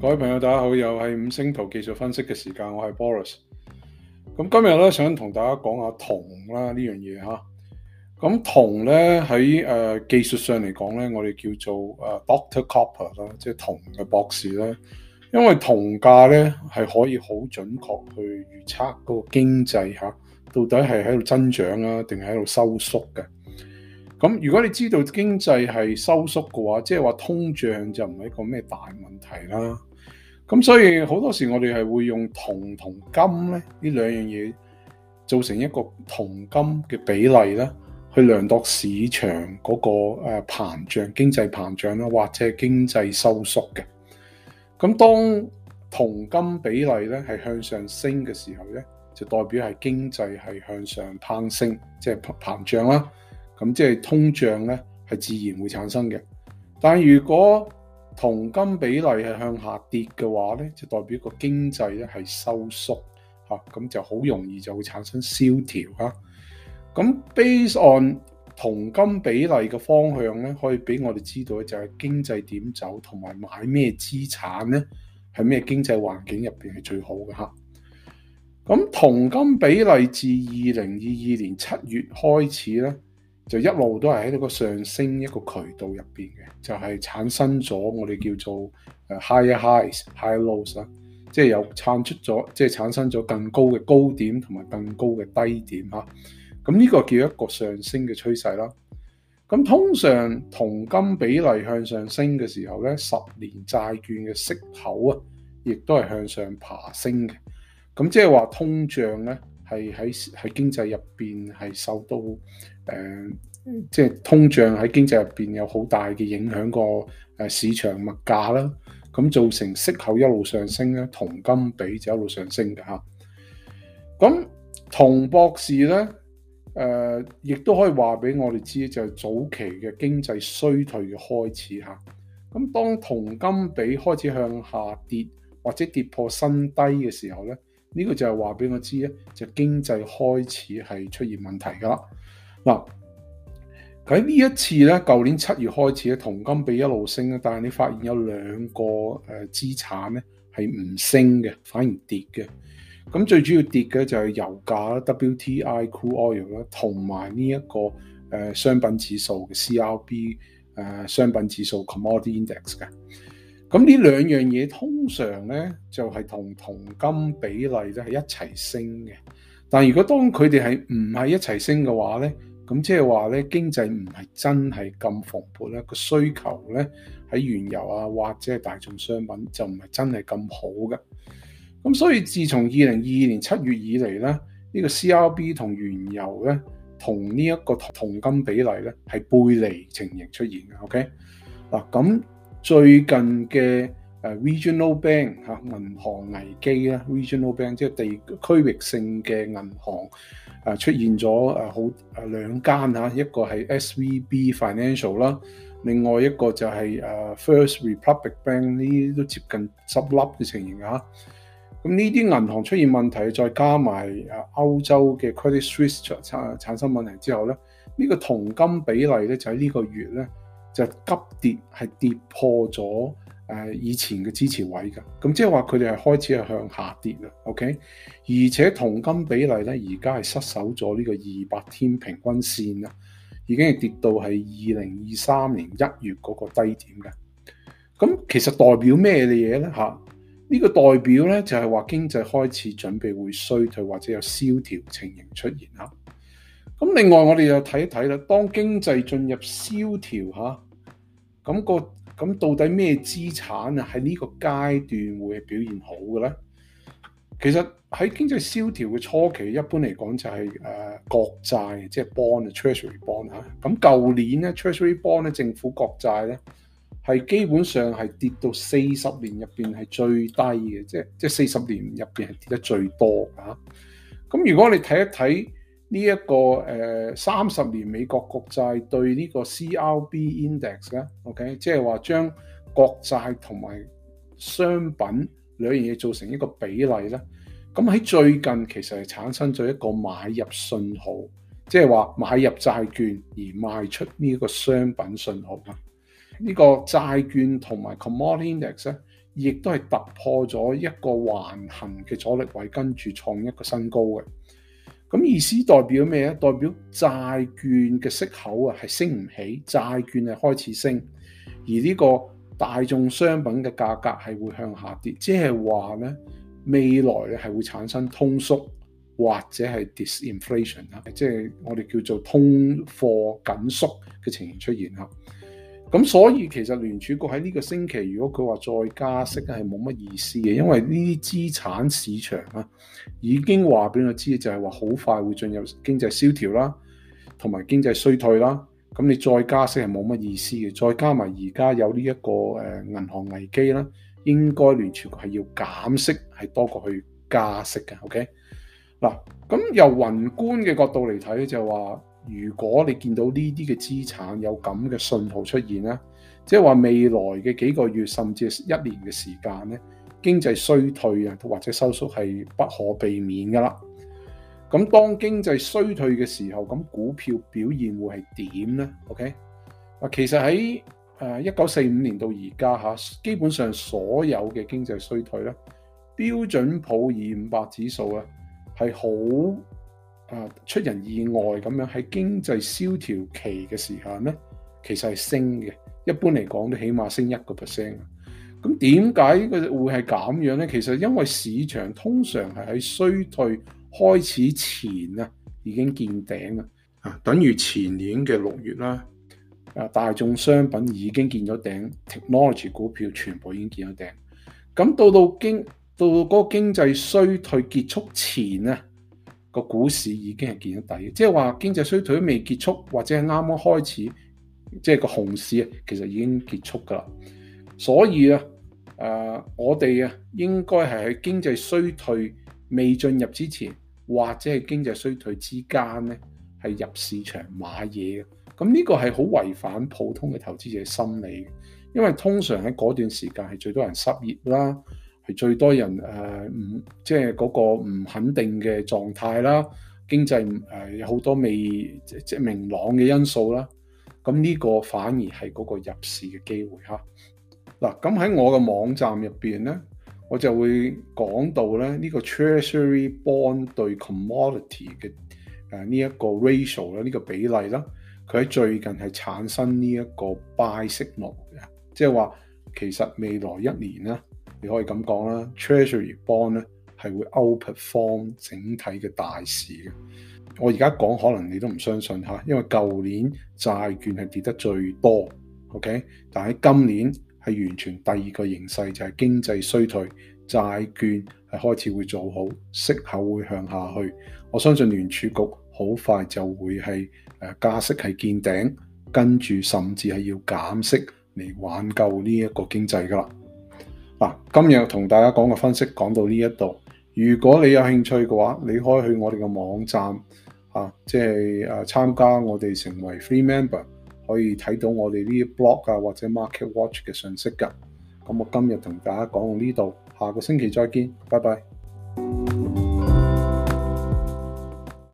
各位朋友，大家好，又係五星圖技術分析嘅時間，我係 Boris。咁今日咧，想同大家講下銅啦呢樣嘢吓。咁銅咧喺誒技術上嚟講咧，我哋叫做誒 Doctor Copper 啦，即係銅嘅博士啦。因為銅價咧係可以好準確去預測嗰個經濟吓，到底係喺度增長啊，定係喺度收縮嘅。咁如果你知道經濟係收縮嘅話，即係話通脹就唔係一個咩大問題啦。咁所以好多時我哋係會用銅同金咧呢兩樣嘢，做成一個銅金嘅比例啦，去量度市場嗰個誒膨脹、經濟膨脹啦，或者經濟收縮嘅。咁當銅金比例咧係向上升嘅時候咧，就代表係經濟係向上攀升，即係膨脹啦。咁即係通脹咧係自然會產生嘅。但如果銅金比例係向下跌嘅話咧，就代表個經濟咧係收縮嚇，咁就好容易就會產生蕭條嚇。咁 base on 銅金比例嘅方向咧，可以俾我哋知道咧，就係經濟點走同埋買咩資產咧，係咩經濟環境入邊係最好嘅嚇。咁銅金比例自二零二二年七月開始咧，就一路都係喺呢個上升一個渠道入邊嘅，就係、是、產生咗我哋叫做 higher highs, higher lows 即係又撐出咗，即係產生咗、就是、更高嘅高點同埋更高嘅低點嚇。咁呢個叫一個上升嘅趨勢啦。咁通常銅金比例向上升嘅時候咧，十年債券嘅息口啊，亦都係向上爬升嘅。咁即係話通脹呢。係喺喺經濟入邊係受到誒，即、呃、係、就是、通脹喺經濟入邊有好大嘅影響個誒市場物價啦，咁造成息口一路上升咧，銅金比就一路上升嘅嚇。咁銅博士咧誒，亦、呃、都可以話俾我哋知，就係、是、早期嘅經濟衰退嘅開始嚇。咁當銅金比開始向下跌，或者跌破新低嘅時候咧。呢個就係話俾我知咧，就是、經濟開始係出現問題噶啦。嗱喺呢一次咧，舊年七月開始嘅銅金比一路升啦，但係你發現有兩個誒資、呃、產咧係唔升嘅，反而跌嘅。咁最主要跌嘅就係油價啦，WTI crude oil 啦、這個，同埋呢一個誒商品指數嘅 CRB 誒、呃、商品指數 commodity index 嘅。咁呢兩樣嘢通常呢就係同銅金比例咧係一齊升嘅，但如果當佢哋係唔係一齊升嘅話呢，咁即係話呢經濟唔係真係咁蓬勃呢，個需求呢喺原油啊或者係大宗商品就唔係真係咁好嘅。咁所以自從二零二二年七月以嚟呢，呢個 CRB 同原油呢，同呢一個銅金比例呢，係背離情形出現嘅。OK 嗱咁。最近嘅誒 regional bank 吓銀行危機啦，regional bank 即係地區域性嘅銀行誒出現咗誒好誒兩間嚇，一個係 SVB financial 啦，另外一個就係誒 First Republic Bank 呢啲都接近執笠嘅情形吓，咁呢啲銀行出現問題再加埋誒歐洲嘅 Credit Suisse 產產生問題之後咧，呢、這個銅金比例咧就喺呢個月咧。就急跌係跌破咗誒、呃、以前嘅支持位㗎，咁即係話佢哋係開始係向下跌啦。OK，而且銅金比例咧，而家係失守咗呢個二百天平均線啦，已經係跌到係二零二三年一月嗰個低點嘅。咁其實代表咩嘅嘢咧？吓，呢個代表咧就係、是、話經濟開始準備會衰退或者有蕭條情形出現啦。咁另外我哋又睇一睇啦，當經濟進入蕭條嚇。咁個咁到底咩資產啊？喺呢個階段會表現好嘅咧？其實喺經濟蕭條嘅初期，一般嚟講就係誒國債，即係 bond 啊，treasury bond 啊。咁舊年咧，treasury bond 咧，政府國債咧，係基本上係跌到四十年入邊係最低嘅，即係即係四十年入邊係跌得最多啊。咁如果你睇一睇。呢一、這個誒三十年美國國債對呢個 CRB index 咧，OK，即係話將國債同埋商品兩樣嘢做成一個比例咧，咁喺最近其實係產生咗一個買入信號，即係話買入債券而賣出呢個商品信號啦。這個、債呢個債券同埋 commod index 咧，亦都係突破咗一個橫行嘅阻力位，跟住創一個新高嘅。咁意思代表咩咧？代表債券嘅息口啊，係升唔起，債券係開始升，而呢個大眾商品嘅價格係會向下跌，即係話呢未來咧係會產生通縮或者係 disinflation 啊，即係我哋叫做通貨緊縮嘅情形出現啊。咁所以其實聯儲局喺呢個星期，如果佢話再加息係冇乜意思嘅，因為呢啲資產市場啊已經話俾佢知，就係話好快會進入經濟蕭條啦，同埋經濟衰退啦。咁你再加息係冇乜意思嘅。再加埋而家有呢一個誒銀行危機啦，應該聯儲局係要減息，係多過去加息嘅。OK 嗱，咁由宏觀嘅角度嚟睇就係話。如果你見到呢啲嘅資產有咁嘅信號出現咧，即係話未來嘅幾個月甚至一年嘅時間咧，經濟衰退啊或者收縮係不可避免噶啦。咁當經濟衰退嘅時候，咁股票表現會係點呢？OK，嗱，okay? 其實喺誒一九四五年到而家嚇，基本上所有嘅經濟衰退咧，標準普爾五百指數啊係好。啊！出人意外咁樣喺經濟蕭條期嘅時候咧，其實係升嘅。一般嚟講都起碼升一個 percent。咁點解佢會係咁樣咧？其實因為市場通常係喺衰退開始前啊，已經見頂啊！啊，等於前年嘅六月啦，啊，大眾商品已經見咗頂，technology 股票全部已經見咗頂。咁到到經到嗰個經濟衰退結束前啊，個股市已經係見底了，即係話經濟衰退未結束，或者係啱啱開始，即係個熊市其實已經結束噶啦。所以啊，誒、呃，我哋啊應該係喺經濟衰退未進入之前，或者係經濟衰退之間呢，係入市場買嘢嘅。咁、嗯、呢、這個係好違反普通嘅投資者心理嘅，因為通常喺嗰段時間係最多人失業啦。最多人誒唔、呃、即係嗰個唔肯定嘅狀態啦，經濟誒、呃、有好多未即明朗嘅因素啦，咁呢個反而係嗰個入市嘅機會吓，嗱、啊，咁喺我嘅網站入邊咧，我就會講到咧呢、這個 Treasury bond 對 commodity 嘅誒呢一個 ratio 咧，呢個比例啦，佢喺最近係產生呢一個 buy 息率嘅，即係話其實未來一年咧。你可以咁講啦，Treasury bond 咧係會 outperform 整體嘅大市嘅。我而家講可能你都唔相信下，因為舊年債券係跌得最多，OK？但喺今年係完全第二個形勢，就係經濟衰退，債券係開始會做好，息口會向下去。我相信聯儲局好快就會係誒加息係見頂，跟住甚至係要減息嚟挽救呢一個經濟噶啦。啊，今日同大家講嘅分析講到呢一度，如果你有興趣嘅話，你可以去我哋嘅網站啊，即係，啊，參加我哋成為 Free Member，可以睇到我哋啲 blog 啊或者 Market Watch 嘅信息㗎。咁我今日同大家講到呢度，下個星期再見，拜拜。